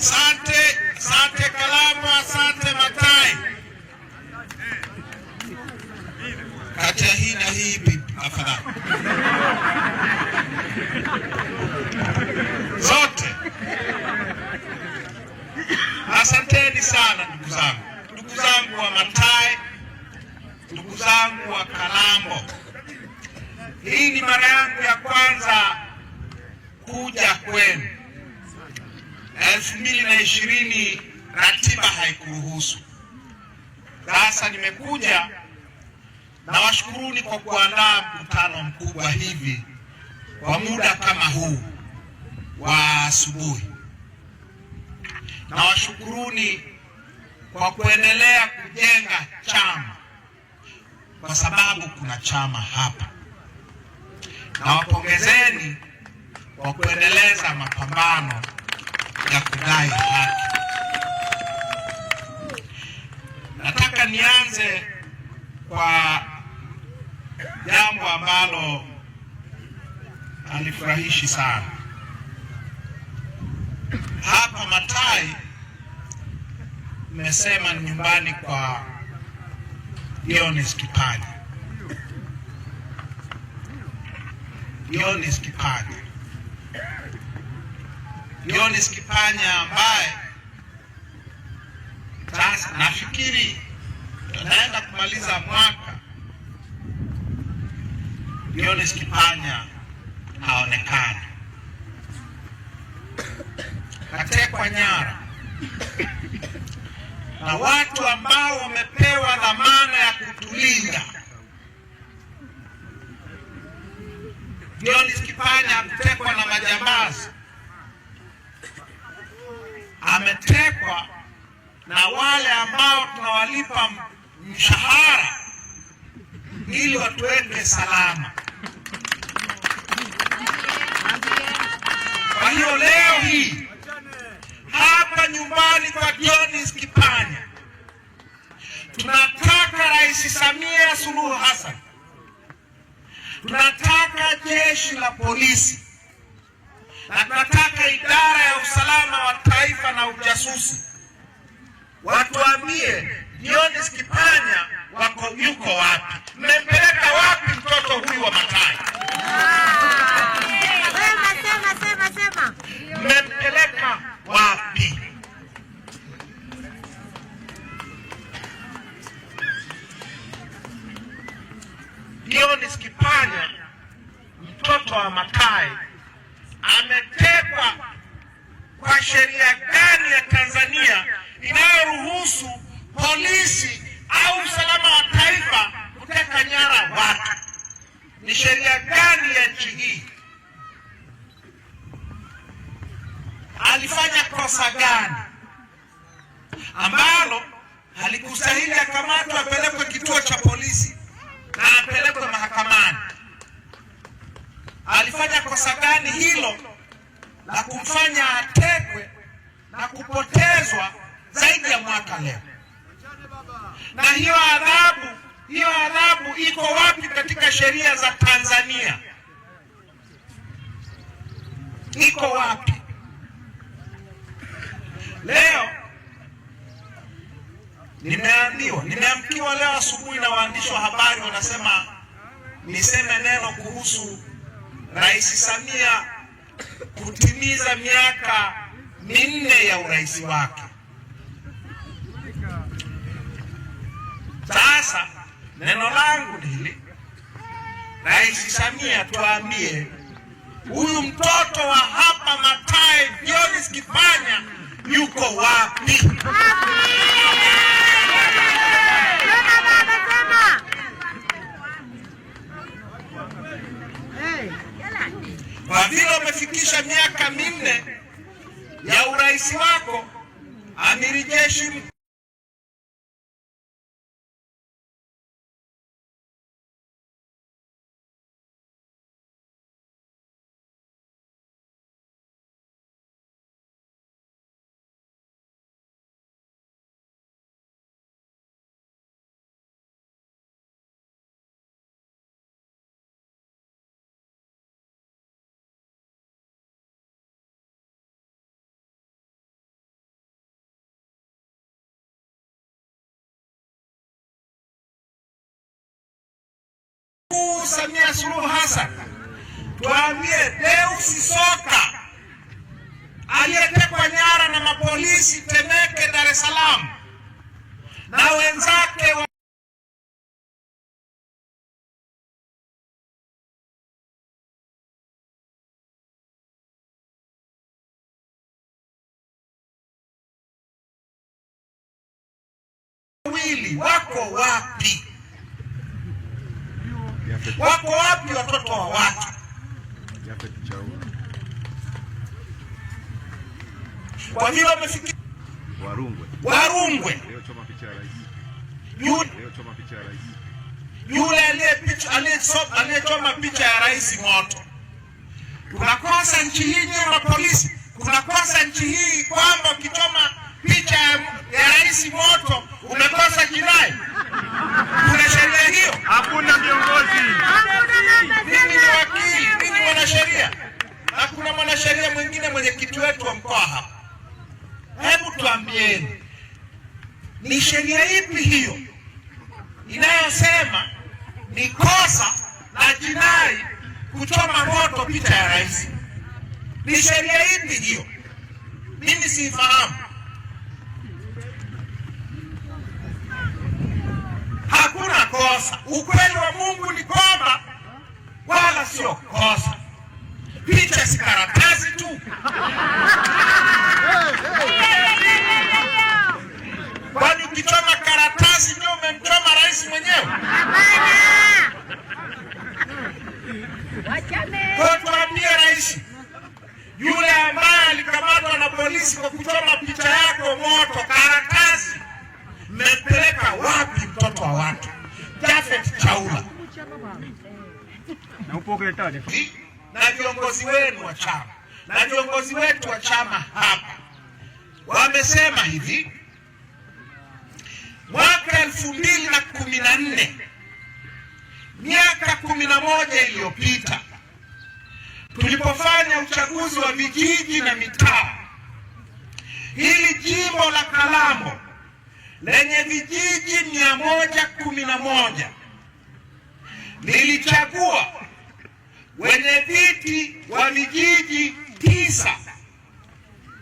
Sir. kuandaa mkutano mkubwa hivi kwa muda kama huu wa asubuhi, na washukuruni kwa kuendelea kujenga chama, kwa sababu kuna chama hapa, na wapongezeni kwa kuendeleza mapambano ya kudai haki. Nataka nianze kwa jambo ambalo alifurahishi sana hapa Matai. Mmesema ni nyumbani kwa Dionis Kipanya. Dionis Kipanya, Dionis Kipanya ambaye sasa nafikiri tunaenda kumaliza mwaka Dionis Kipanya haonekani, katekwa nyara na watu ambao wamepewa dhamana ya kutulinda. Dionis Kipanya ametekwa na majambazi, ametekwa na wale ambao tunawalipa mshahara ili watuweke salama. Kwa hiyo leo hii hapa nyumbani kwa Jonas Kipanya tunataka Rais Samia Suluhu Hassan, tunataka jeshi la polisi na tunataka idara ya usalama wa taifa na ujasusi watuambie Jonas Kipanya wako yuko wapi. alifanya kosa gani ambalo alikustahili akamatwa apelekwe kituo cha polisi na apelekwe mahakamani? Alifanya kosa gani hilo la kumfanya atekwe na kupotezwa zaidi ya mwaka leo? Na hiyo adhabu, hiyo adhabu iko wapi katika sheria za Tanzania? Iko wapi? Leo nimeambiwa, nimeamkiwa leo asubuhi na waandishi wa habari wanasema niseme neno kuhusu Rais Samia kutimiza miaka minne ya urais wake. Sasa neno langu ni hili, Rais Samia, tuambie huyu mtoto wa hapa Matae Dionis Kipanya yuko wapi? Kwa vile umefikisha miaka minne ya urais wako, amiri jeshi Samia Suluhu Hassan tuambie, Deus Soka aliyetekwa nyara na mapolisi Temeke, Dar es Salaam na wenzake wa wili wako wapi? Wako wapi watoto wa watu? Kwa vile wamefikia Warungwe, yule aliyechoma picha ya rais moto. Tunakosa nchi hii nyema polisi, tunakosa nchi hii kwamba ukichoma picha ya rais moto umekosa jinai. Kuna sheria hiyo? Hakuna viongozi. Mimi ni wakili, mimi ni mwanasheria na mwanasheria mwingine mwenyekiti wetu wa mkoa hapa. Hebu tuambieni, ni sheria ipi hiyo inayosema ni kosa na jinai kuchoma moto picha ya rais? Ni sheria ipi hiyo? Mimi siifahamu. kosa. Ukweli wa Mungu ni kwamba wala sio kosa, picha si karatasi tu kwani ukichoma karatasi ndio umemchoma rais mwenyewe. Tuambie rais yule ambaye alikamatwa na polisi kwa kuchoma picha yako moto, karatasi mmepeleka wapi mtoto wa watu? CHAUMA na viongozi wenu wa chama na viongozi wetu wa chama hapa wamesema hivi, mwaka elfu mbili na kumi na nne miaka kumi na moja iliyopita tulipofanya uchaguzi wa vijiji na mitaa, hili jimbo la Kalambo lenye vijiji mia moja kumi na moja nilichagua wenye viti wa vijiji tisa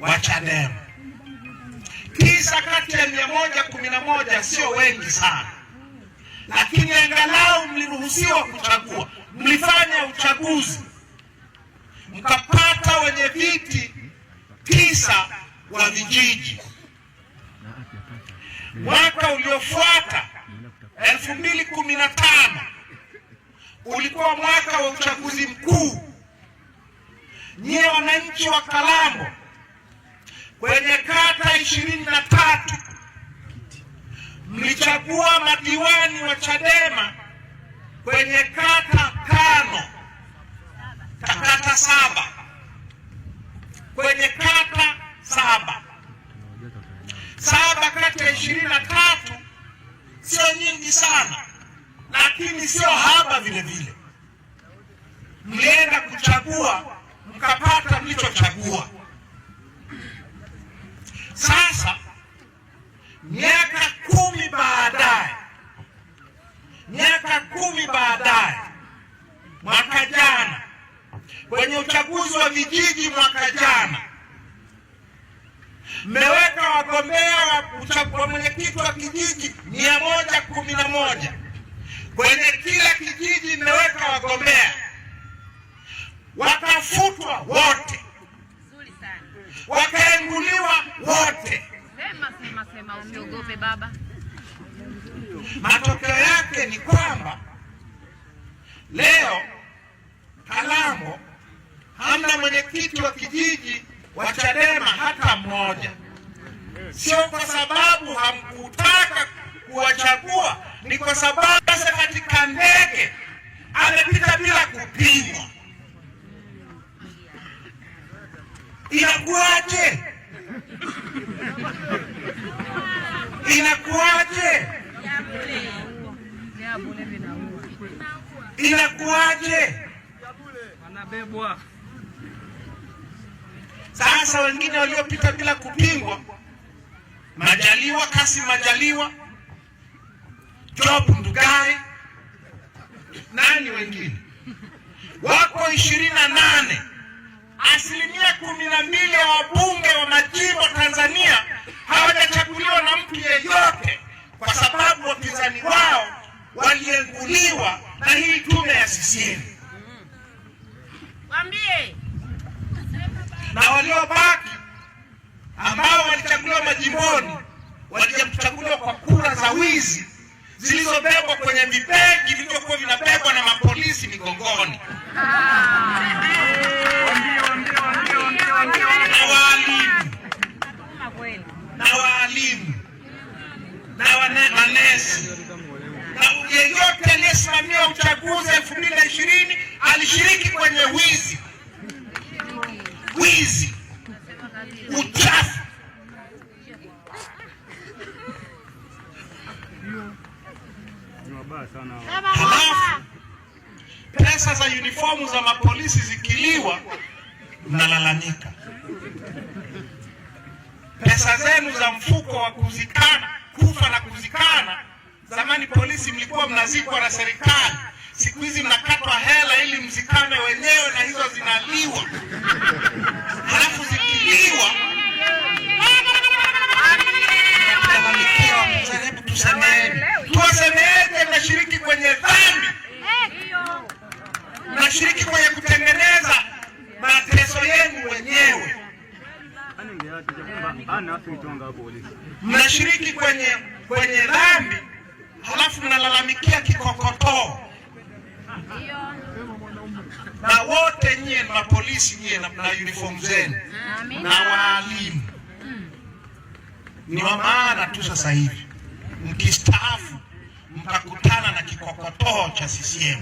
wa Chadema, tisa kati ya mia moja kumi na moja. Sio wengi sana, lakini angalau mliruhusiwa kuchagua. Mlifanya uchaguzi mkapata wenye viti tisa wa vijiji. Mwaka uliofuata elfu mbili kumi na tano ulikuwa mwaka wa uchaguzi mkuu. Nyie wananchi wa Kalambo kwenye kata ishirini na tatu mlichagua madiwani wa Chadema kwenye kata tano kata saba kwenye kata saba saba kati ya ishirini na tatu sio nyingi sana, lakini sio vile vile. Mlienda kuchagua mkapata mlichochagua. Sasa miaka kumi baadaye, miaka kumi baadaye, mwaka jana kwenye uchaguzi wa vijiji mwaka jana mmeweka wagombea wa mwenyekiti wa kijiji mia moja kumi na moja kwenye kila kijiji mmeweka wagombea, wakafutwa wote, wakaenguliwa wote. Matokeo yake ni kwamba leo Kalamo hamna mwenyekiti wa kijiji wa Chadema hata mmoja. Sio kwa sababu hamkutaka kuwachagua, ni kwa sababu sasa katika ndege amepita bila kupimwa, inakuwaje? inakuwaje Inakuwaje? Wanabebwa. Sasa wengine waliopita bila kupingwa, Majaliwa Kasim Majaliwa Job Ndugai, nani wengine wako ishirini na nane. Asilimia kumi na mbili ya wabunge wa majimbo Tanzania hawajachaguliwa na mtu yeyote, kwa sababu wapinzani wao walienguliwa na hii tume ya CCM na waliobaki ambao walichaguliwa majimboni walikuchaguliwa kwa kura za wizi zilizobebwa kwenye vibegi vilivyokuwa vinabebwa na mapolisi migongoni. na waalimu na manesi na yeyote aliyesimamia uchaguzi elfu mbili na ishirini alishiriki kwenye wizi wizi Halafu pesa za uniformu za mapolisi zikiliwa, mnalalamika. Pesa zenu za mfuko wa kuzikana, kufa na kuzikana, zamani polisi mlikuwa mnazikwa na serikali, siku hizi mnakatwa hela ili mzikane wenyewe, na hizo zinaliwa, halafu zikiliwa tuwasemeeni mnashiriki kwenye dhambi, mnashiriki kwenye kutengeneza mateso yenu wenyewe, mnashiriki kwenye kwenye dhambi, halafu mnalalamikia kikokotoo. Na wote nyie na polisi nyie na, na uniform zenu na waalimu ni wa maana tu sasa hivi mkistaafu mtakutana na kikokotoo cha CCM.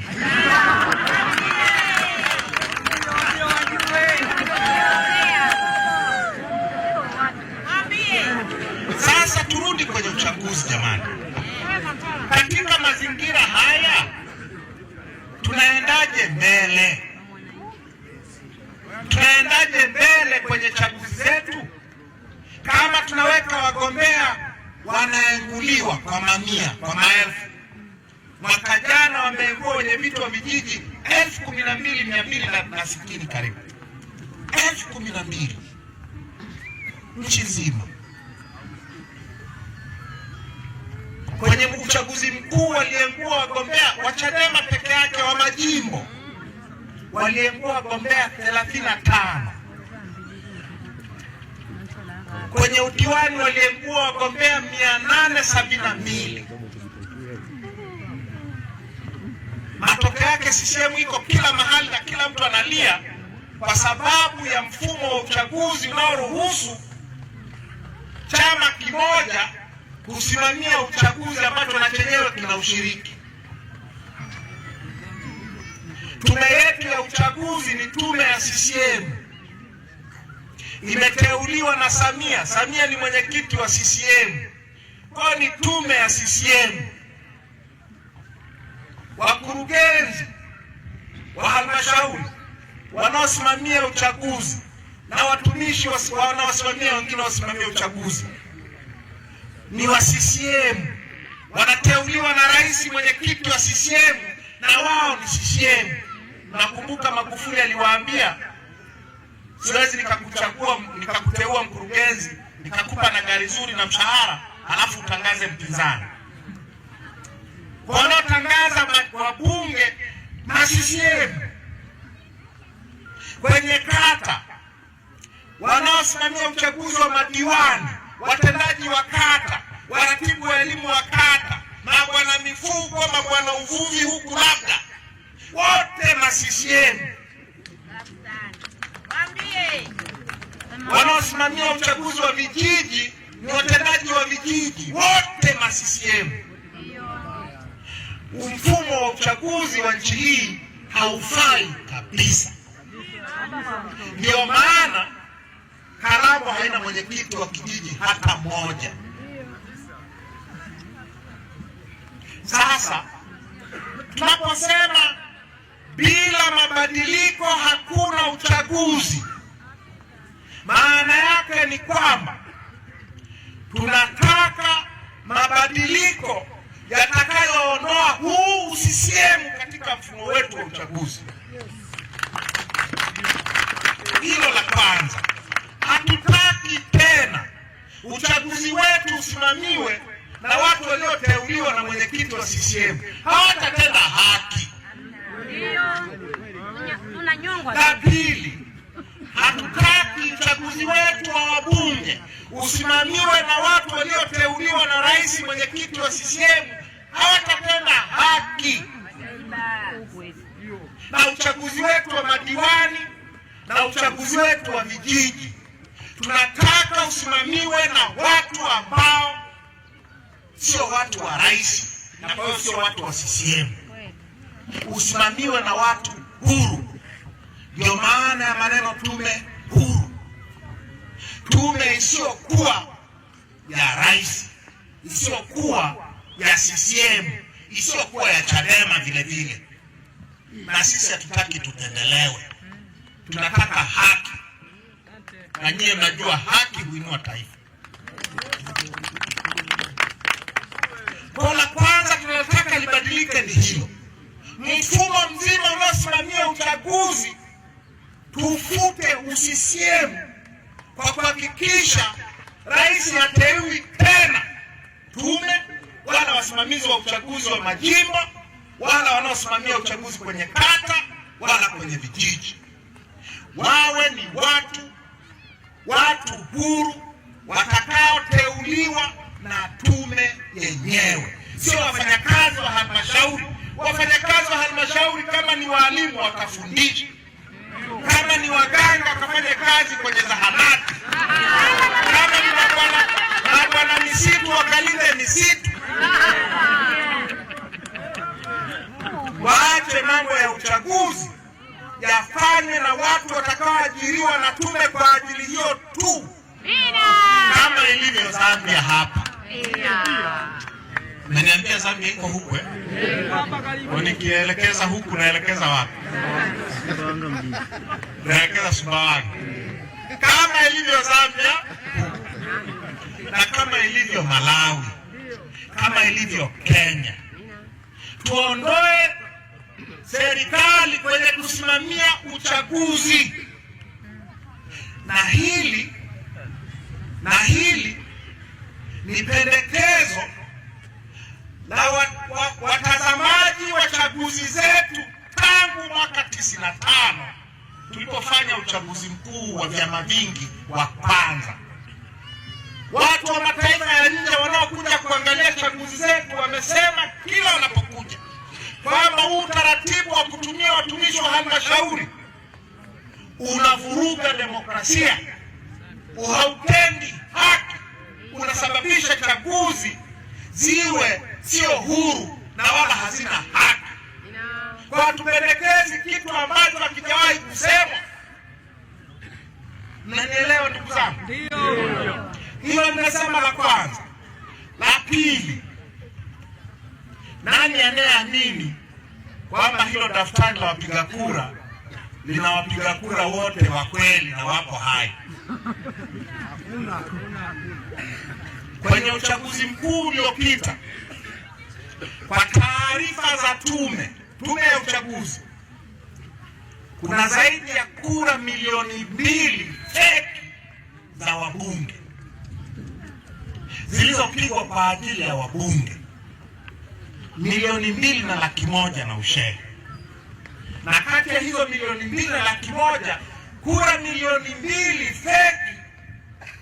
Sasa turudi kwenye uchaguzi jamani. Katika mazingira haya tunaendaje mbele? Tunaendaje mbele kwenye chaguzi zetu kama tunaweka wagombea wanaenguliwa kwa mamia, kwa maelfu? mwaka jana wameingia wenye vitu wa vijiji elfu kumi na mbili mia mbili na sitini karibu elfu kumi na mbili nchi nzima. Kwenye uchaguzi mkuu waliengua wagombea wa Chadema peke yake wa majimbo waliengua wagombea thelathini na tano kwenye udiwani waliengua wagombea mia nane sabini na mbili Matokeo yake CCM iko kila mahali na kila mtu analia kwa sababu ya mfumo wa uchaguzi unaoruhusu chama kimoja kusimamia uchaguzi ambacho na chenyewe kina ushiriki. Tume yetu ya uchaguzi ni tume ya CCM, imeteuliwa na Samia. Samia ni mwenyekiti wa CCM, kwa ni tume ya CCM wakurugenzi wa halmashauri wanaosimamia uchaguzi na watumishi wanaosimamia wengine wasimamia uchaguzi ni wa CCM, wanateuliwa na rais, mwenyekiti wa CCM na wao ni CCM. Nakumbuka Magufuli aliwaambia, siwezi nikakuchagua nikakuteua mkurugenzi nikakupa na gari zuri na mshahara, alafu utangaze mpinzani wanaotangaza wabunge na CCM kwenye kata, wanaosimamia uchaguzi wa madiwani, watendaji wa kata, waratibu wa elimu wa kata, mabwana mifugo, mabwana uvuvi huku labda wote na CCM wanaosimamia uchaguzi wa vijiji ni watendaji wa vijiji wote na CCM mfumo wa uchaguzi wa nchi hii haufai kabisa. Ndio maana Karamo haina mwenyekiti wa kijiji hata mmoja. Sasa tunaposema bila mabadiliko hakuna uchaguzi, maana yake ni kwamba tunataka mabadiliko yatakayoondoa huu usisiemu katika mfumo wetu wa uchaguzi. Hilo la kwanza. Hatutaki tena uchaguzi wetu usimamiwe na watu walioteuliwa na mwenyekiti wa CCM hawatatenda haki. La pili, hatutaki uchaguzi wetu wa wabunge usimamiwe na watu walioteuliwa na rais, mwenyekiti wa CCM hawatapenda haki, na uchaguzi wetu wa madiwani na uchaguzi wetu wa vijiji tunataka usimamiwe na watu ambao sio watu wa rais na kwa hiyo sio watu wa CCM, usimamiwe na watu huru. Ndio maana ya maneno tume huru, tume isiyokuwa ya rais, isiyokuwa ya CCM isiyokuwa ya Chadema vile vile, na sisi hatutaki tutendelewe, tunataka haki, na nyie mnajua haki huinua taifa. Kwa la kwanza tunataka libadilike ni hilo, mfumo mzima unaosimamia uchaguzi tufute usisiemu kwa kuhakikisha rais hateui tena tume wala wasimamizi wa uchaguzi wa majimbo wala wanaosimamia uchaguzi kwenye kata wala kwenye vijiji, wawe ni watu watu huru watakaoteuliwa na tume yenyewe, sio wafanyakazi wa halmashauri. Wafanyakazi wa halmashauri kama ni waalimu wakafundisha, kama ni waganga wakafanya kazi kwenye zahanati, kama ni mabwana misitu wakalinde misitu Waache mambo ya uchaguzi yafanywe na watu watakaoajiriwa na tume kwa ajili hiyo tu, kama ilivyo Zambia. Hapa naniambia Zambia iko huku eh? Nikielekeza huku naelekeza wapi? Naelekeza Sumbawanga, kama ilivyo Zambia na kama ilivyo Malawi kama ilivyo Kenya. Tuondoe serikali kwenye kusimamia uchaguzi, na hili na hili ni pendekezo la watazamaji wa chaguzi zetu tangu mwaka 95 tulipofanya uchaguzi mkuu wa vyama vingi wa kwanza. Watu wa mataifa ya nje wanaokuja kuangalia chaguzi zetu wamesema kila wanapokuja kwamba huu utaratibu wa kutumia watumishi wa halmashauri unavuruga demokrasia, uhautendi haki, unasababisha chaguzi ziwe sio huru na wala hazina haki. Kwa tupendekezi kitu ambacho hakijawahi kusemwa. Mnanielewa ndugu zangu? Ndio. Hilo nimesema la kwanza. La pili, nani anayeamini kwamba hilo daftari la wapiga kura lina wapiga kura wote wa kweli na wako hai? Kwenye uchaguzi mkuu uliopita, kwa taarifa za tume tume ya uchaguzi, kuna zaidi ya kura milioni mbili feki za wabunge zilizopigwa kwa ajili ya wabunge milioni mbili na laki moja na ushehe, na kati ya hizo milioni mbili na laki moja kura milioni mbili feki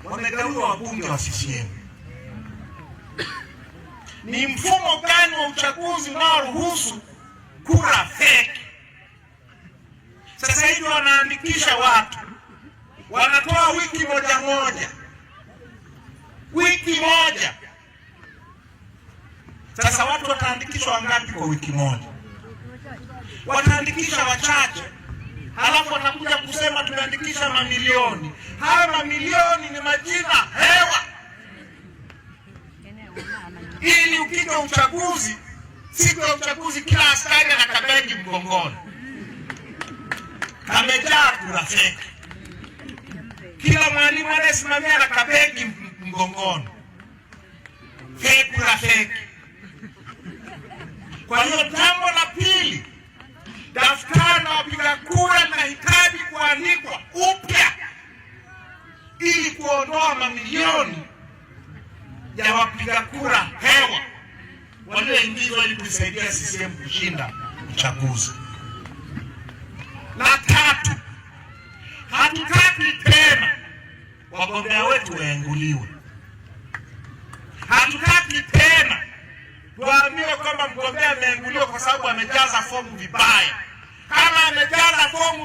wamegawiwa wabunge wa CCM. Ni mfumo gani wa uchaguzi unaoruhusu kura feki? Sasa hivi wanaandikisha watu, wanatoa wiki moja moja wiki moja. Sasa watu wataandikishwa wangapi kwa wiki moja? Wataandikisha wachache, halafu watakuja kusema tumeandikisha mamilioni. Haya mamilioni ni majina hewa, ili ukija uchaguzi, siku ya uchaguzi, kila askari ana kabegi mgongoni, amejaa kura feki. Kila mwalimu anayesimamia na kabegi mgongoni, feku la feki. Kwa hiyo jambo la pili, daftari la wapiga kura linahitaji kuandikwa upya ili kuondoa mamilioni ya wapiga kura hewa walioingizwa ili kuisaidia CCM kushinda uchaguzi. La tatu, hatutaki tena wagombea wetu waenguliwe. kwamba mgombea ameanguliwa kwa sababu amejaza fomu vibaya. Kama amejaza fomu